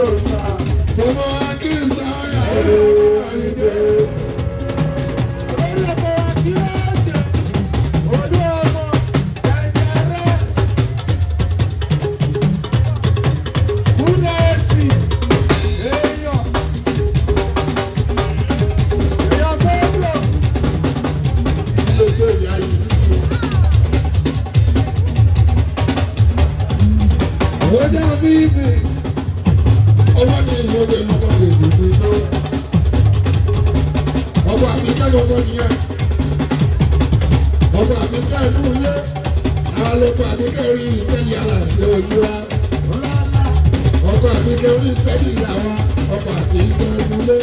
Olóòṣà ọmọ akínsá yàrá ayé. Olórí ọkọ wa kí ó dé, olú ọmọ jẹjẹrẹ. Kúnlẹ̀ ẹ̀sìn èèyàn. Èèyàn sọ́dọ̀. Ilé ìgbé ìyá yìí sí wọn. Ó jẹ́ bí ìsìn lóde ọkọ̀ tètè fi tó. ọkọ̀ àfikẹ́ lọ́kọ̀ nìyẹn. ọkọ̀ àfikẹ́ ìlú ilé. àwọn lọ́kọ̀ àfikẹ́ rí ìtẹ́lẹ̀ alàgbẹ̀ òyìn wa. ọkọ̀ àfikẹ́ rí ìtẹ́lẹ̀ ìyàwó ọkọ̀ àfikẹ́ ìlú ilé.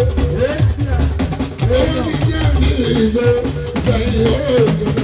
èyí ti jẹ́ mi ìṣe sẹ́yìn ó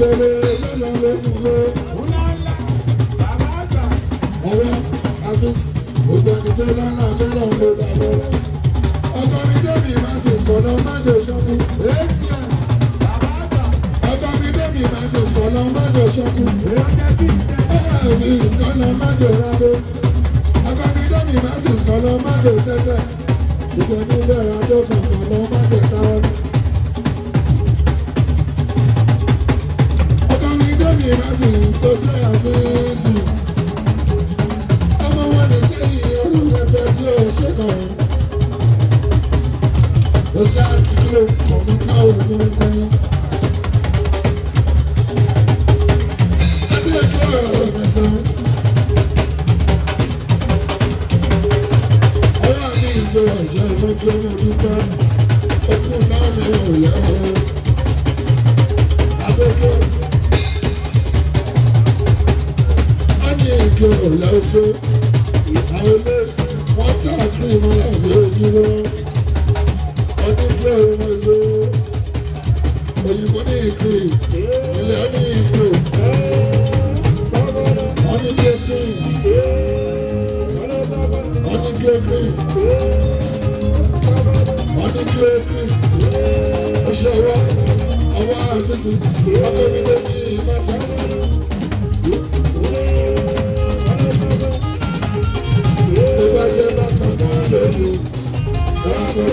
sẹ́rẹ̀ lọ́nà lẹ́kùnlé. ọwọ́ afis gbogbo ẹni tó lọ́nà tó lọ́n ló dà lọ́la. ọkọ mi débi martins kọ̀ọ̀nà májò ṣọ́kú. mi débi martins kọ̀ọ̀nà májò ṣọ́kú. ọkọ mi kọ̀ọ̀nà májò rábó. mi débi martins kọ̀ọ̀nà májò tẹ́sẹ̀. mi bẹ̀rẹ̀. Kirati sọ́jà àbẹ́ẹ̀sì. Ọmọ wọn lè ṣe ìyẹ̀rù ẹgbẹ́ tí ó ṣe kàn. Ó ṣàkíyè ọ̀hún káwọ̀ ìlú kan. Adéèké ọ̀rọ̀ mẹ́sàn-án. Ọlọ́run ní ìṣòro ọ̀ṣẹ́ ìfọ́jú ọmọ dúpẹ́. Okùn náà ni òòyà ọ̀hún. ìyá ilé ìyá ilé wọ́n tà kí ìmọ̀lá ìwé ìdíwọ́ ọdún tó ẹ̀rọ ìlú òyìnbó ní ìpè ilẹ̀ ní ìpè wọ́n ní gẹ́gẹ́ wọ́n ní gẹ́gẹ́ wọ́n ní gẹ́gẹ́ ọṣẹ wa ọwọ́ àfẹsẹ̀ ọkọ̀ mi lè ní ìmọ̀ sẹ́sẹ̀.